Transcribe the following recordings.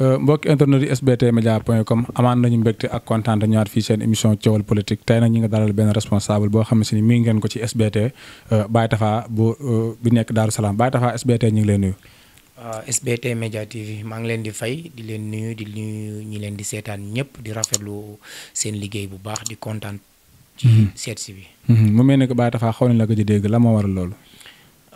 Euh, mbokk internet yi sbt média point com amaan nañu mbégte ak kontaan ñëwaat fii seen émission coowal politique tey nag ñi nga dalal benn responsable boo xam ne si ni mi ngeen ko ci sbt euh, Baye Tafa bu euh, bi nekk Daaru Salaam Baye Tafa sbt ñu ngi leen nuyu SBT Media TV maa ngi leen di fay di leen nuyu di nuyu ñi leen di seetaan ñëpp di rafetlu seen liggéey bu baax di kontaan. ci mm-hmm. seet si bi. Mm-hmm. mu mel ne que Baye xaw na la ko ci dégg la moo waral loolu.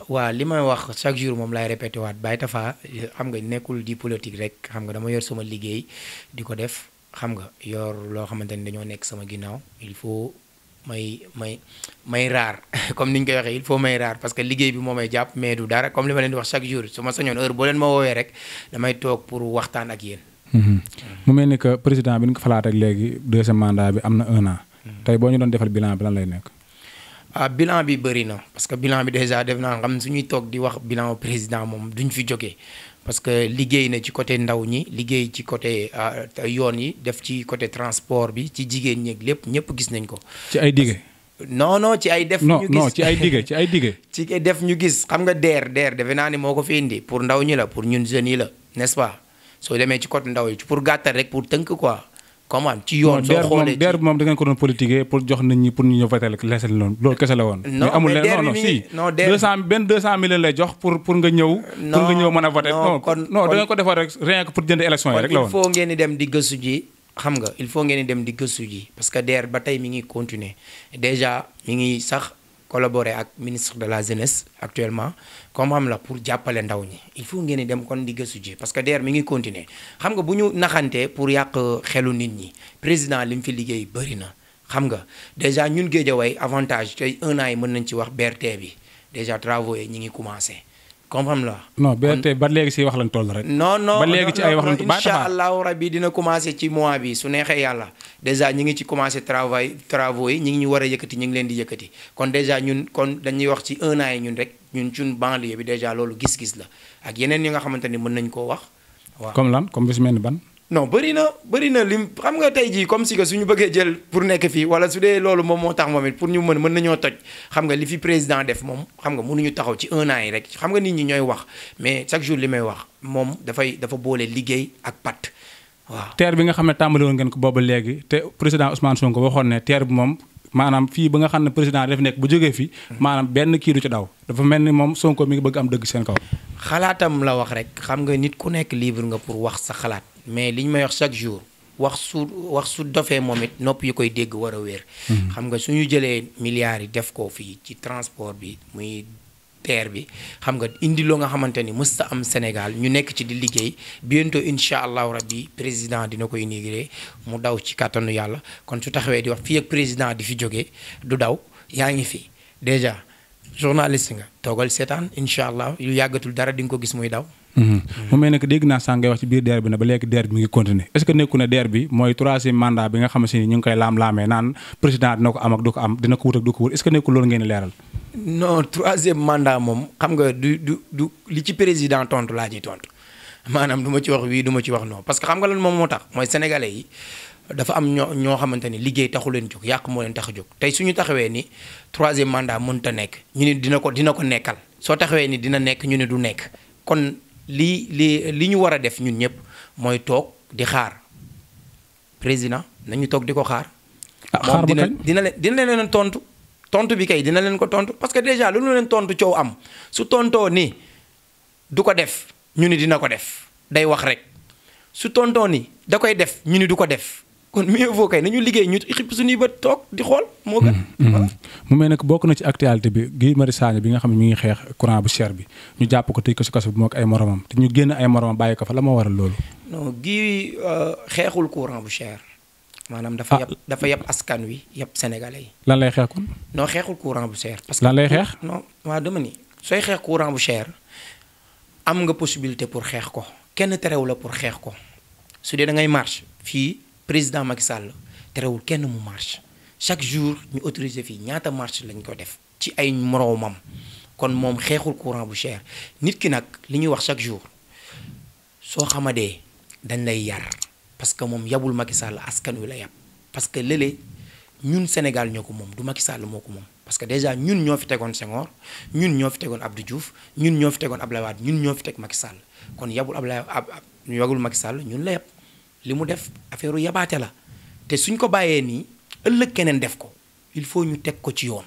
waa li may wax chaque jour moom laay répété waat Baye Tafa xam nga nekkul di politique rek xam nga dama yor sama liggéey di ko def xam nga yor loo xamante ni dañoo nekk sama ginnaaw il faut may may raar comme ni ñu koy waxee il faut may raar parce que liggéey bi moo may jàpp mais du dara comme li ma leen di wax chaque jour su ma sañoon heure boo leen ma woowee rek damay toog pour waxtaan ak yéen. Mm-hmm. mu mel ni que président bi ñu ko falaat ak léegi deuxième mandat bi am na un an. Mm-hmm. boo ñu doon defal bilan bi lan lay nekk. ah bilan bi bëri na parce que bilan bi déjà def naa xam suñuy toog di wax bilan président moom duñ fi jógee parce que liggéey na ci côté ndaw ñi liggéey ci côté ah, yoon yi def ci côté transport bi ci jigéen ñéeg lépp ñëpp gis nañ ko. ci ay dige. non non ci ay def. ñu gis non ay dige ci ay dige. ci def ñu gis xam nga DER DER defe naa ne moo ko fi indi pour ndaw ñi la pour ñun jeunes yi la n'est-ce soo demee ci côté ndaw yi pour gàttal rek pour tënk quoi. comment ci yoon soo xoolee der moom da ngeen ko doon politiquer pour jox nit ñi pour ñu ñëw votel loolu kese la woon mais amul benn deux lay jox pour nga ñëw pour nga ñëw mën a voté non non da ngeen ko defoon rek pour jënd élection yi rek la woon il faut ngeen di dem di gëstu ji xam nga il faut ngeen di dem di gëstu ji parce que der ba tey mi ngi continuer déjà mi ngi sax collaborer ak ministre de la jeunesse actuellement comme am la pour jàppale ndaw ñi il faut ngeen dem kon di gëstu ji parce que DER mi ngi continuer xam nga bu ñu naxantee pour yàq xelu nit ñi président li mu fi liggéey bëri na xam nga déjà ñun Guédiawaye avantage tey un an yi mën nañ ci wax BRT bi déjà travaux yi ñi ngi commencé comprendre la. non ba tey ba léegi si wax lañ toll rek. non non ba léegi ci ay wax lañ toll incha allahu rabi dina commencé ci mois bi su neexee yàlla dèjà ñi ngi ci commencé travail travaux yi ñi ngi ñu war a yëkkati ñi ngi leen di yëkkati kon dèjà ñun kon dañuy wax ci un an yi ñun rek ñun cun banlieue bi dèjà loolu gis-gis la ak yeneen yi nga xamante ni mën nañ koo wax waaw. comme lan comme bis mel ni ban. non bëri na bëri na lim xam nga tey jii comme si que suñu bëggee jël pour nekk fii wala su dee loolu moom moo tax moom it pour ñu mën mën nañoo toj xam nga li fi président def moom xam nga mënuñu taxaw ci un an yi rek xam nga nit ñi ñooy wax mais chaque jour li may wax moom dafay dafa boole liggéey ak pat waaw. teer bi nga xam ne tàmbali ngeen ko boobu léegi te président Ousmane Sonko waxoon ne teer bi moom maanaam fii ba nga xam ne président daf nekk bu jógee fii maanaam benn kii du ci daw dafa mel ni moom Sonko mi ngi bëgg am dëgg seen kaw. xalaatam la wax rek xam nga nit ku nekk libre nga pour wax sa xalaat mais li ñu may wax chaque jour wax su wax su dofee moom it nopp yi koy dégg war a wér. Hmm. xam nga su ñu jëlee milliards yi def ko fii ci transport bi muy TER bi xam nga indi loo nga xamante ni mësta am Sénégal ñu nekk ci di liggéey bientôt incha allahu rabbi président dina ko inaugurer mu daw ci kàttanu yàlla kon su taxawee di wax fii ak président di fi jógee du daw yaa ngi fi déjà journaliste nga toogal seetaan incha allah yu yàggatul dara di ko gis muy daw. Mhm. mu mel ne dégg naa sànq ngay wax ci biir DER bi na ba léegi DER bi mi ngi continuer est ce nekku ne DER bi mooy troisième mandat bi nga xam si ni ñu ngi koy laam non troisième mandat moom xam nga du du du li ci président tontu laa ciy tontu maanaam duma ci wax wii duma ci wax non parce que xam nga lan moom moo tax mooy sénégalais yi dafa am ñoo ñoo xamante ni liggéey taxu leen jóg yàq moo leen tax a jóg tey suñu taxawee ni troisième mandat mënut a nekk ñu ne dina ko dina ko nekkal soo taxawee ni dina nekk ñu ne du nekk kon li li li ñu war a def ñun ñëpp mooy toog di xaar président nañu toog di ko xaar. Ah, moom dina dina tontu bi kay dina leen ko tontu parce que déjà lu lu leen tontu coow am su tontoo ni du ko def ñu ni dina ko def day wax rek su tontoo ni da koy def ñu ni du ko def kon mieux vaut na ñu liggéey ñu xib suñuy bët toog di xool moo gën. Mm-hmm. Mm-hmm. mu mel nag bokk na ci actualité bi Guy Marius Sagna bi nga xam ne mi ngi xeex courant bu cher bi ñu jàpp ko tëj ko si kaso bi moo ko ay moromam te ñu génn ay moromam bàyyi ko fa la moo waral loolu. non Guy euh, xeexul courant bu cher. maanaam dafa ah. yab dafa yab askan wi yab sénégalais yi. lan lay xeex kon. non xeexul courant bu cher. parce que lan lay xeex. noo waaw dama ni sooy xeex courant bu cher am nga possibilité pour xeex ko kenn terewu la pour xeex ko su dee da ngay marche fii président Macky Sall terewul kenn mu marche chaque jour ñu autorisé fii ñaata marche lañ ko def ci ay moroomam kon moom xeexul courant bu cher nit ki nag li ñuy wax chaque jour soo xamadee dañ lay yar. parce que moom yabul Macky Sall askan wi la yab parce que léeg ñun Sénégal ñoo ko moom du Macky Sall moo ko moom parce que déjà ñun ñoo fi tegoon Senghor ñun ñoo fi tegoon Abdou Diouf ñun ñoo fi tegoon Ablaye ñun ñoo fi teg Macky Sall kon yabul Ablaye ab yabul Macky Sall ñun la li mu def affaire yabaate la te suñ ko bàyyee nii ëllëg keneen def ko il faut ñu teg ko ci yoon.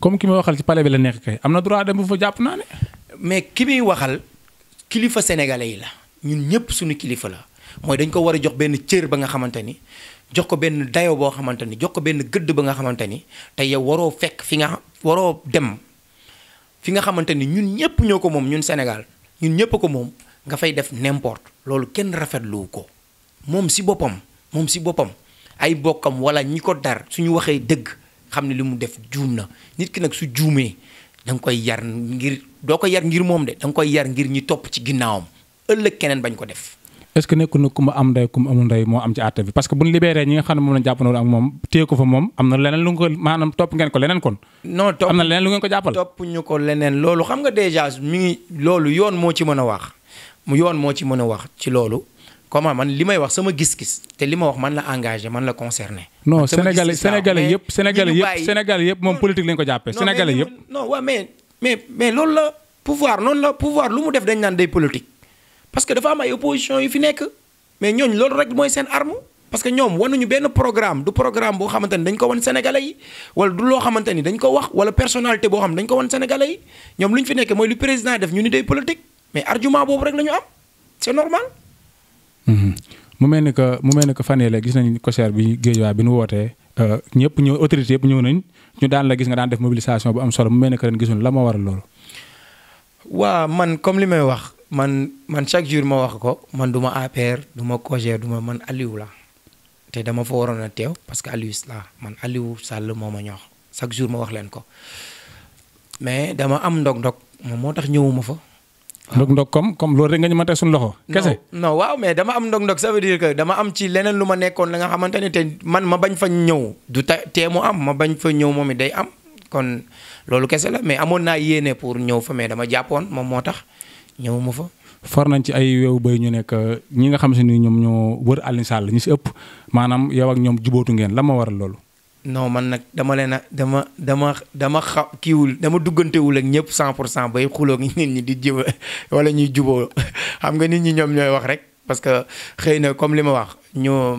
comme ki muy waxal ci palais bi la nekk kay am na droit dem bu fa jàpp naa ne. mais ki muy waxal kilifa sénégalais yi la ñun ñëpp suñu kilifa la. mooy dañ ko war a jox benn cër ba nga xamante ni jox ko benn dayo boo xamante ni jox ko benn gëdd ba nga xamante ni te yow waroo fekk fi nga waroo dem fi nga xamante ni ñun ñëpp ñoo ko moom ñun Sénégal ñun ñëpp ko moom nga fay def n'importe loolu kenn rafetlu ko moom si boppam moom si boppam ay bokkam wala ñi ko dar suñu waxee dëgg xam ne li mu def juum na nit ki nag su juumee da nga koy yar ngir doo ko yar ngir moom de da nga koy yar ngir ñi topp ci ginnaawam ëllëg keneen bañ ko def est-ce que nekkul na ku ma am ndey ku ma amul ndey moo am ci àtte bi parce que bu ñu libéré ñi nga xam ne moom la jàpp loolu yoon moo a wax mu yoon moo ci mën a wax ci loolu comment man li may wax sama gis-gis te li ma wax man la engagé la concerné. non Sénégalais Sénégalais yëpp Sénégalais yëpp Sénégalais yëpp moom politique lañ ko jàppee Sénégalais yëpp. non mais loolu la pouvoir noonu la pouvoir lu mu def dañ naan day politique parce que dafa am ay opposition yu fi nekk mais ñooñu loolu rek mooy seen arme parce que ñoom wanuñu benn programme du programme boo xamante ni dañ ko wan sénégalais yi wala du loo xamante ni dañ ko wax wala personnalité boo xam ne dañ ko wan sénégalais yi ñoom lu ñu fi nekk mooy lu président def ñu ni day politique mais argument boobu rek la am c'est normal. Mhm. mu mel ni que mu mel ni que fan yële gis nañu Cojer bi Géejawaay bi nu wootee euh, ñëpp ñëw autorité yëpp ñëw nañ ñu daan la gis nga daan def mobilisation bu am mu mel ni que ren gisuñu la moo waral loolu. man comme li may wax man man chaque jour ma wax ko man du ma APR du ma COJER du man Aliou la te dama fa waroon a teew parce que Aliou la man Aliou Sall moo ma ñoox chaque jour ma wax leen ko mais dama am ndog-ndog moom moo tax ñëwuma fa. ndog-ndog comme comme loolu rek nga ñu matee suñu loxo. kese non mais dama am ndog-ndog ça veut dire que dama am ci leneen lu ma nekkoon la nga xamante ne te man ma bañ fa ñëw du ta tee mu am ma bañ fa ñëw moom it day am kon loolu kese la mais amoon naa yéene pour ñëw fa mais dama jàppoon moom moo tax. ñëwuma fa. far nañ ci ay weewu béy ñu nekk ñi nga xam si ni ñoom ñoo wër Alioune la ñu si ëpp maanaam yow ak ñoom jubootu ngeen la ma waral loolu. non man nag dama leen a dama dama dama xa kiiwul dama duggantewul ak ñëpp cent pour cent bay xuloo nit ñi di jiw wala ñuy juboo xam nga nit ñi ñoom ñooy wax rek parce que xëy na comme li ma wax ñoo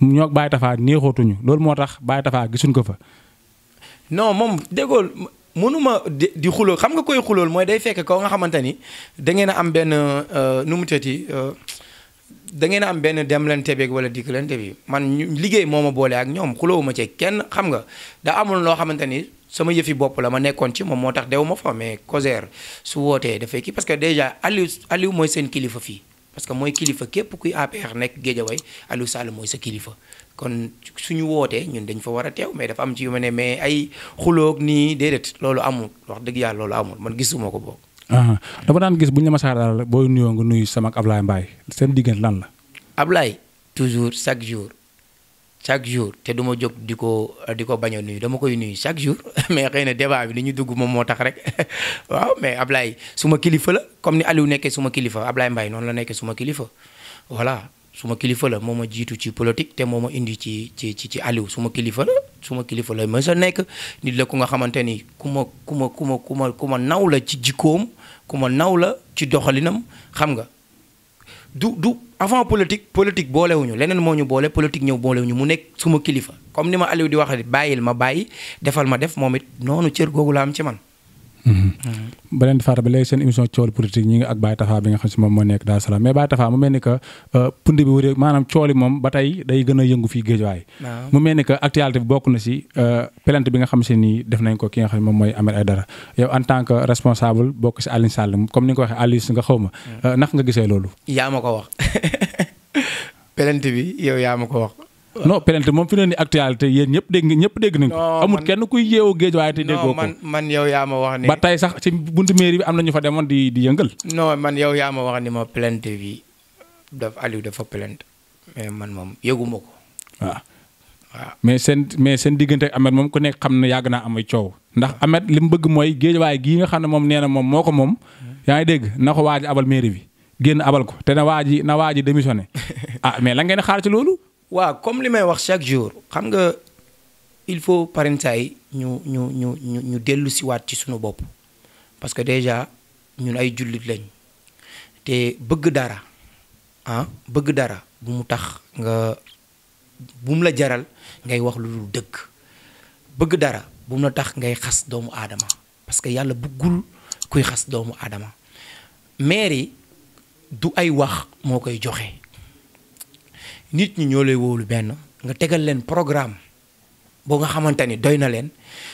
ñoo Baye Tafa neexootuñu loolu moo tax Baye Tafa gisuñ ko fa. no moom déggool mënuma di xuloo xam nga koy xulool mooy day fekk kaw nga xamante ni da ngeen a am benn euh, nu mu tëti euh, da ngeen am benn dem leen tebeeg wala dikk leen tebi man liggéey moo ma boole ak ñoom xuloowuma ci kenn xam nga da amul loo xamante ni sama yëfi bopp la ma nekkoon ci moom moo tax dew ma fa mais Cojer su wootee dafay kii parce que déjà Aliou Aliou mooy seen kilifa fii. parce que mooy kilifa képp kuy APR nekk Géejawaay Aliou Sall mooy sa kilifa kon suñu wootee ñun dañ fa war a teew mais dafa am ci yu ma ne mais ay xulook nii déedéet loolu amul wax dëgg yàlla loolu amul man gisuma ko boobu. dama daan gis bu ñu masaa daal booy nuyoo nga nuyu sama ak Ablaye Mbaye seen diggante lan la. Ablaye toujours chaque jour chaque jour te duma jóg di ko di ko bañ a nuyu dama koy nuyu chaque jour mais xëy na débat bi ni ñu dugg moom moo tax rek waaw mais Ablaye suma kilifa la comme ni Aliou nekkee suma kilifa Ablaye Mbaye noonu la nekkee suma kilifa voilà suma kilifa la moo ma jiitu ci politique te moom ma indi ci ci ci ci Aliou suma kilifa la suma kilifa la mës a nekk nit la ku nga xamante ni ku ma ku ma ku ma ku ku ma naw la ci jikkoom ku ma naw la ci doxalinam xam nga du du avant politique politique boolewuñu leneen moo ñu boole politique ñëw boolewuñu mu nekk suma kilifa comme ni ma Aliou di wax bàyyil ma bàyyi defal ma def moom it noonu cër googu la am ci man. Mm-hmm. beneen faara ba léegi seen émission cool politique ñi ngi ak Baye Tafa bi nga xam si moom moo nekk daal salaam mais Baye Tafa mu mel ni que euh, pund bi wëree maanaam cool moom ba tey day gën yëngu fii géejuwaay mu mel ni que actualité bi bokk na si euh, plainte bi nga xam si nii def nañ ko ki nga xam ne moom mooy Ahmed Aïdara yow en tant que responsable bokk si Alioune Sall comme ni nga ko waxee Alioune nga xaw ma mm. euh, naka nga gisee loolu yaa ma ko wax plainte bi yow yaa ma ko wax non plainte moom fi ne ni actualité yéen ñëpp dégg ñëpp dégg nañ ko amul kenn kuy yeewu géej waaye te déggoo ko man man yow yaa ma wax ni tey sax ci buntu mairie bi am na ñu fa demoon di di yëngal non man yow yaa ma wax ni ma plainte bi daf Aliou dafa plainte mais man moom yëguma ko waaw mais seen mais seen diggante ak moom ku nekk xam ne yàgg naa am ay coow ndax Ameth li mu bëgg mooy géej géejawaay gii nga xam ne moom nee na moom moo ko moom yaa ngi dégg na ko waaj abal mairie bi génn abal ko te na waaj na waaj démissionné ah mais la ngeen xaar ci loolu waaw comme li may wax chaque jour xam nga il faut parentaay ñu ñu ñu ñu ñu dellu siwaat ci suñu bopp parce que déjà ñun ay jullit lañ te bëgg dara ah bëgg dara bu mu tax nga bu mu la jaral ngay wax lu dul dëgg bëgg dara bu mu la tax ngay xas doomu aadama parce que yàlla bëggul kuy xas doomu aadama maire yi du ay wax moo koy joxe nit ñi ñoo lay wóolu benn nga tegal leen programme boo nga xamante ni doy na leen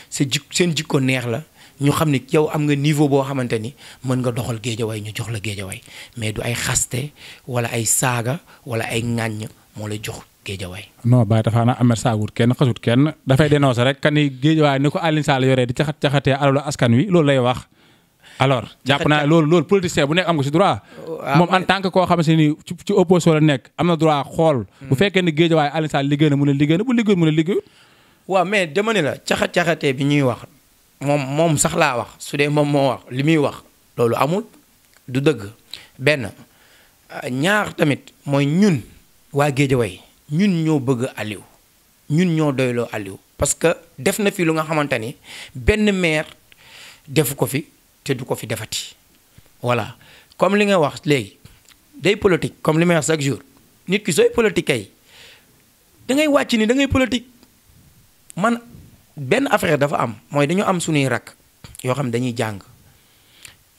sa jik seen jikko neex la ñu xam ne yow am nga niveau boo xamante ni mën nga doxal géejawaay ñu jox la géejawaay mais du ay xaste wala ay saaga wala ay ŋàññ moo lay jox géejawaay. non Baye Tapha nag Ameth saagul kenn xasut kenn dafay dénoncé rek kan ni géejawaay ni ko Alioune Sall yoree di caxat caxatee alalu askan wi loolu lay wax. alors jàpp naa loolu loolu politicien bu nekk am nga si droit. Ah, moom en tant que koo xam si ni ci opposition la nekk am na droit xool. Hmm. bu fekkee ne Guédiawaye Alioune Sall liggéey na mu ne liggéey na bu liggéey waa mais dama la caxat caxatee bi ñuy wax moom moom sax laa wax su dee moom moo wax li muy wax loolu amul du dëgg benn ñaar tamit mooy ñun waa Guédiawaye ñun ñoo bëgg Aliou ñun ñoo doyloo Aliou parce que def na fii lu nga xamante ni benn maire defu ko fi. te du ko fi defati voilà comme li nga wax léegi day politique comme li may wax chaque jour nit ki sooy politique kay da ngay wàcc ni da ngay politique man benn affaire dafa am mooy dañoo am suñuy rakk yoo xam dañuy jàng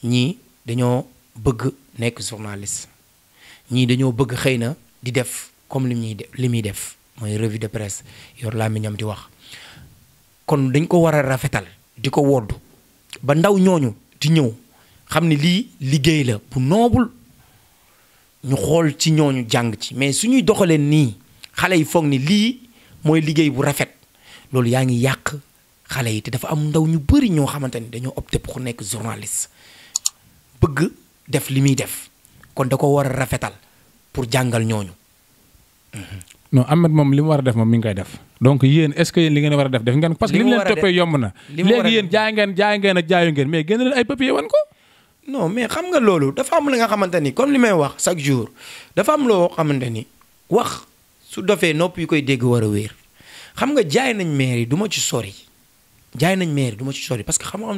ñii dañoo bëgg nekk journaliste ñii dañoo bëgg xëy na di def comme li muy def li muy def mooy revue de presse yor laa di wax kon dañ ko war a rafetal di ko woddu ba ndaw ñooñu. ti ñëw xam ni lii liggéey la bu noobul ñu xool ci ñooñu jàng ci mais suñuy doxalee nii xale yi foog ni lii mooy liggéey bu rafet loolu yaa ngi yàq xale yi te dafa am ndaw ñu bari ñoo xamante ni dañoo opté pour nekk journaliste bëgg def li muy def kon da ko war a rafetal pour jàngal ñooñu mhm. non Ahmed moom li mu war a def moom mi ngi koy def donc yéen est ce que yéen li ngeen war a def def ngeen parce que li mu leen toppee yomb na léegi yéen jaay ngeen jaay ngeen ak jaayu ngeen mais génn leen mais xam nga loolu dafa am li nga xamante ni comme li may wax chaque jour dafa am loo xamante ni wax su dofee nopp yu koy dégg war a wéer xam nga jaay nañ maire yi du ma ci sori jaay nañ maire yi ci sori parce que xam nga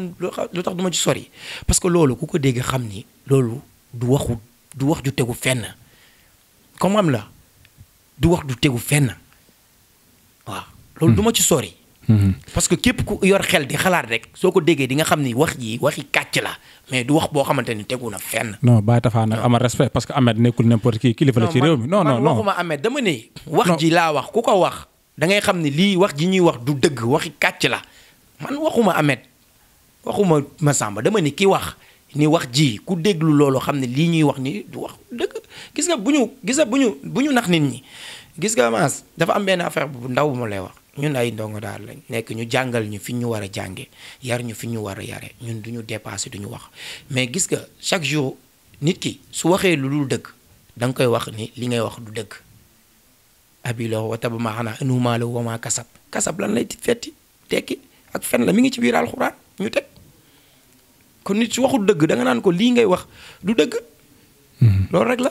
lu tax du ma ci sori parce que loolu ku ko dégg xam ni loolu du waxu du wax ju tegu fenn comme am la du wax du tegu fenn waaw. loolu du ma ci sori. Hmm. parce que képp ku yor xel di xalaat rek soo ko déggee di nga xam ni wax ji waxi kàcc la mais du wax boo xamante ni tegu na fenn. no Baye Tafa nag ama respect parce que Ahmed nekkul n'importe qui kilifa la ci réew mi. non non non waxuma Ahmed dama ne. wax ji laa wax ku ko wax dangay xam ni lii wax ji ñuy wax du dëgg waxi kàcc la man waxuma Ahmed waxuma Massamba dama ni ki wax. ni wax jii ku déglu loolu xam ne lii ñuy wax ni du wax dëgg gis nga bu ñu gis bu ñu bu ñu nax nit ñi gis nga maas dafa am benn affaire bu ndaw bu ma lay wax ñun ay ndongo daal lañ nekk ñu jàngal ñu fi ñu war a jànge yar ñu fi ñu war a yare ñun du ñu dépassé du ñu wax mais gis nga chaque jour nit ki su waxee lu dul dëgg danga koy wax ni li ngay wax du dëgg abilo wa taba maana anumaalo wa ma kasab kasab lan lay tit fetti tekki ak fen la mu ngi ci biir alxuraan kon nit su waxul dëgg da nga naan ko lii ngay wax du dëgg. Hmm. loolu rek la.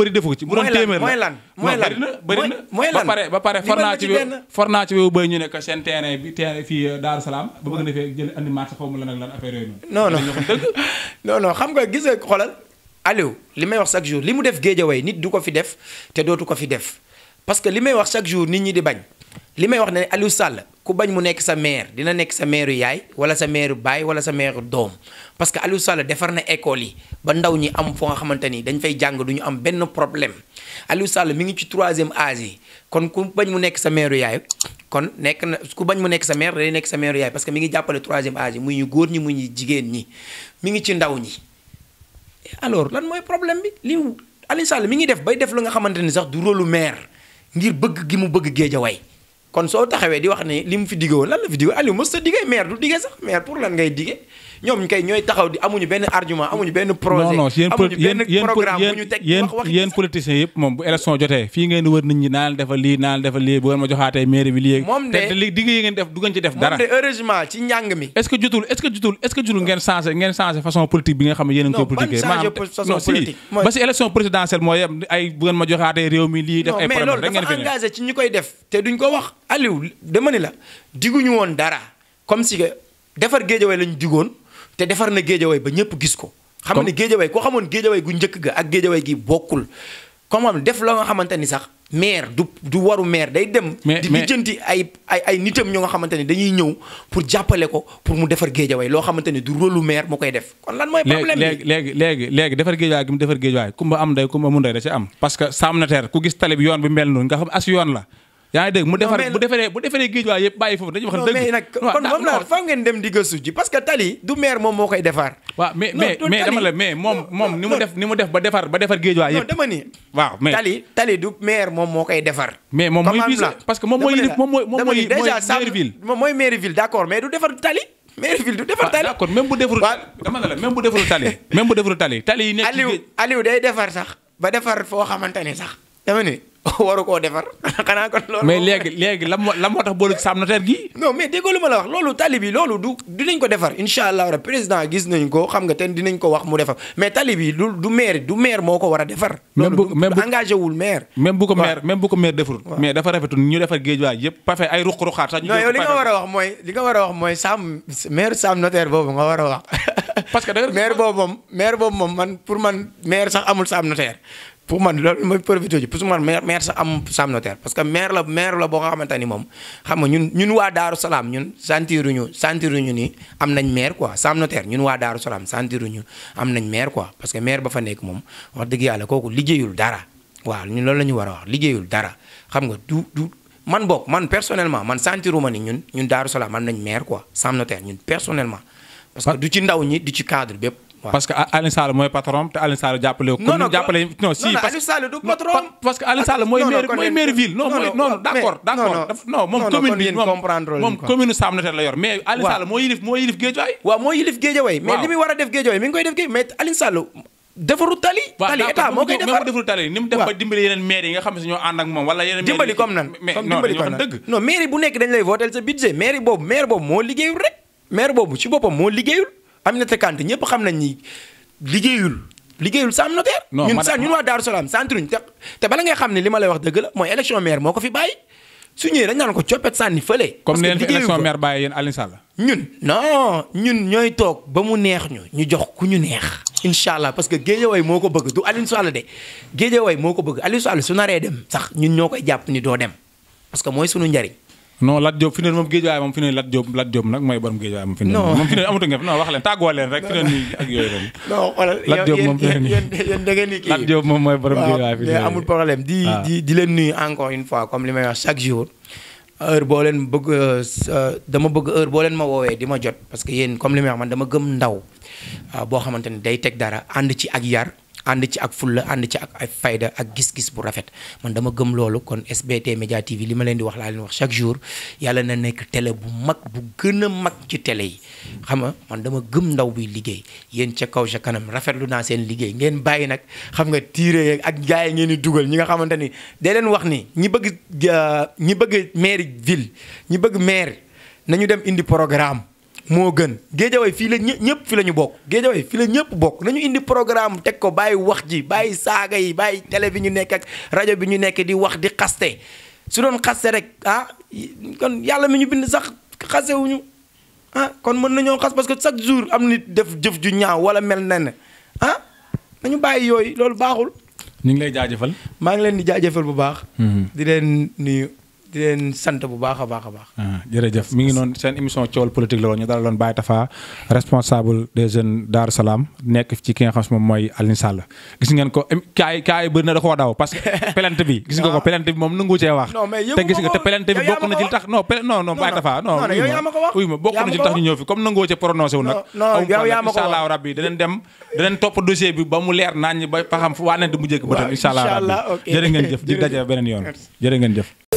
bëri defu ko ci. bu doon téeméer la mooy lan bëri na bëri na. ba pare ba pare for naa ci for naa ci wéewu bay ñu nekk seen terrain bi terrain fii euh, Daaru Salaam. ba bëgg na fee jël andi marché foofu mu lan ak lan affaire yooyu noonu. non xam nga gis nga xoolal Aliou li may wax chaque jour li mu def géejawaay nit du ko fi def te dootu ko fi def parce que li may wax chaque jour nit ñi di bañ li may wax ne Aliou Sall ku bañ mu nekk sa maire dina nekk sa maire yaay wala sa maire baay wala sa maire doom parce que Aliou Sall defar na école yi ba ndaw ñi am foo nga xamante ni dañ fay jàng du ñu am benn problème Aliou Sall mi ngi ci troisième âge yi kon ku bañ mu nekk sa maire yaay kon nekk na ku bañ mu nekk sa maire day nekk sa maire yaay parce mi ngi jàppale troisième âge yi ñu góor ñi muy ñu jigéen ñi mi ngi ci ndaw ñi alors lan mooy problème bi li Aliou Sall mi ngi def bay def la nga xamante ni sax du rôlu maire ngir bëgg gi mu bëgg Géejawaay kon soo taxawee di wax ne li mu fi digg woon lan la fi digg Aliou mos sa diggee maire du diggee sax maire pour lan ngay diggee ñoom ñu koy ñooy taxaw di amuñu benn argument amuñu benn projet. non non amuñu benn moom bu élection jotee fii ngeen wër nit ñi naan defal lii naan defal lii bu ngeen ma joxaatee mairie bi lii. moom de te li digg yi ngeen def du ngeen ci def dara. moom a ngi mooy ay bu ngeen ma joxaatee réew mi lii def ay problème rek ngeen fi ne mais loolu dafa engagé ci def te duñ ko wax Aliou dama ni la diguñu woon dara comme te defar na géejawaay ba ñëpp gis ko. xam ne géejawaay koo xamoon géejawaay gu njëkk ga ak géejawaay gi bokkul. comme xam def la nga xamante ni sax maire du du waru maire day dem. di lijjanti ay ay ay nitam ñoo nga xamante ni dañuy ñëw pour jàppale ko pour mu defar géejawaay loo xamante ni du rôle lu maire mu koy def. kon lan mooy problème bi léegi léegi léegi defar géejawaay gi mu defar géejawaay kumba am ndey kumba mu ndey da ci am. parce que Sam Notaire ku gis tali bi yoon bi mel noonu nga xam as yoon la yaa ngi dégg mu defaree bu defaree bu defaree géej waay yëpp bàyyi foofu dañuy wax nag kon moom la faaw ngeen dem di gëstu parce que tali du maire moom moo koy defar. waaw moom moom ni mu def ni ba defar ba defar géej waay yëpp. non dama ni. waaw tali tali du maire moom moo koy defar. mais moom mooy ville parce que moom mooy moom mooy moom mooy maire ville. moom mooy maire ville d'accord mais du defar tali. maire ville du defar ah, tali. d'accord même bu defaru dama la même bu defaru tali. même bu tali tali nekk. Aliou defar sax ba defar foo xamante ne sax dama waru koo defar xanaa kon loolu. mais léegi léegi lan moo lan moo tax boolu Sam Notaire gi. non mais déggoo lu ma la wax loolu tali bi loolu du dinañ ko defar incha allah rek président gis nañ ko xam nga te dinañ ko wax mu defar mais tali bi du du maire du maire moo ko war a defar. même bu même bu engagé wul même bu ko maire même bu ko maire defarul. mais dafa ñu defar géej waay yëpp parfait ay ruq-ruqaat a ñu non yow li nga war a wax mooy li nga war a wax mooy Sam maire Sam Notaire boobu nga war a wax. parce que maire boobu moom maire boobu moom man pour man maire sax amul Sam Notaire pour man loolu mooy profité ji pour man maire maire sa am Sam Notaire parce que maire la maire la boo nga xamante ni moom xam nga ñun ñun waa Daaru Salaam ñun sentiruñu sentiruñu ni am nañ maire quoi am nañ maire quoi parce que mair ba fa nekk moom wax dëgg yàlla kooku liggéeyul dara waa ñun loolu la ñu war a wax liggéeyul dara xam nga du du man bokk man personnellement man ma ni ñun ñun Daaru Salaam am nañ maire quoi Sam Notaire ñun personnellement parce que du ci ndaw ñi du ci cadre bépp parce que Alioune Sall mooy patron te Alioune Sall jàppale ko. mooy maire ville. non non non d' moom commune bi la yor mais. waaw Alioune Sall yilif moo yilif Guédiawaye. waaw yilif Guédiawaye. mais li muy war a def Guédiawaye mi ngi koy def Guédiawaye mais Alioune Sall. defaru tali. tali état koy defar tali ni mu def dimbali yeneen maire nga xam si ñoo ànd ak moom yeneen. dimbali bu nekk dañ lay votel sa budget mairie boobu maire boobu moo liggéeyul rek maire am na te Kanté ñëpp xam nañ ni liggéeyul liggéeyul sa am notaire. ñun sa ñun waa Daaru Salaam santruñ te te bala ngay xam ne li ma lay wax dëgg la mooy élection maire moo ko fi bàyyi su ñëwee dañ naan ko coppet sànni fële. parce que liggéeyul comme ne élection maire bàyyi yéen ñun non ñun ñooy toog ba mu neex ñu ñu jox ku ñu neex. incha allah parce que Guédiawaye moo ko bëgg du Alioune Sall de Guédiawaye moo ko bëgg Alioune Sall su naree dem sax ñun ñoo koy jàpp ni doo dem parce que mooy sunu njariñ non Lat Diop fi neen moom géej waaye moom fi neen Lat Diop Lat Diop nag mooy borom géej waaye moom fi neen moom fi neen wax leen tàggoo leen rek fi neen nii moom yéen da ngeen kii Lat Diop moom mooy borom géej waaye fi neen amul ah. di di nuyu encore une fois comme li may wax chaque boo leen bëgg euh, euh, dama bëgg heure boo leen ma di ma jot parce que yéen comme li may wax man dama gëm ndaw ah, boo xamante ne day teg dara ànd ci ak yar ànd ci ak fulla ànd ci ak ak fayda ak gis-gis bu rafet man dama gëm loolu kon SBT Média TV li ma leen di wax laa leen wax chaque jour yàlla na nekk télé bu mag bu gën a mag ci télé yi xam nga man dama gëm ndaw buy liggéey yéen ca kaw sa kanam rafetlu naa seen liggéey ngeen bàyyi nag xam nga tiire ak gars yi ngeen di dugal ñi nga xamante ni dee leen wax ni ñi bëgg euh, ñi bëgg maire ville ñi bëgg maire nañu dem indi programme moo gën géejawaay fii la ñëpp fii la ñu bokk géejawaay fii la ñëpp bokk nañu indi programme teg ko bàyyi wax ji bàyyi saaga yi bàyyi télé bi ñu nekk ak rajo bi ñu nekk di wax di xaste su doon xaste rek ah kon yàlla mi ñu bind sax xaste wuñu ah kon mën nañoo xas parce que chaque jour am nit def jëf ju ñaaw wala mel na ne ah nañu bàyyi yooyu loolu baaxul. ñu ngi lay jaajëfal. maa ngi leen di jaajëfal bu baax. Mm-hmm. di leen nuyu. di leen sant bu baax a baax a baax. Ah, jërëjëf mi ngi noonu seen émission coowal politique la woon ñu dalaloon Baye Tafa responsable des jeunes Darou Salaam nekk ci ki nga xam si moom mooy Alioune Sall gis ngeen ko kaay kaay bëri na da koo daw parce que bi. gis nga ko ah. pelante bi moom nangu cee wax. te gis nga te pelante bi bokk na ci tax non non non Baye Tafa ma bokk na ci tax ñu ñëw fi comme nangoo cee prononcé wu nag. non yow yaa ko wax ba mu leer naan ñi ba xam waa nekk mu jékki ba tam incha allah ngeen jëf di daje beneen yoon jërë ngeen jëf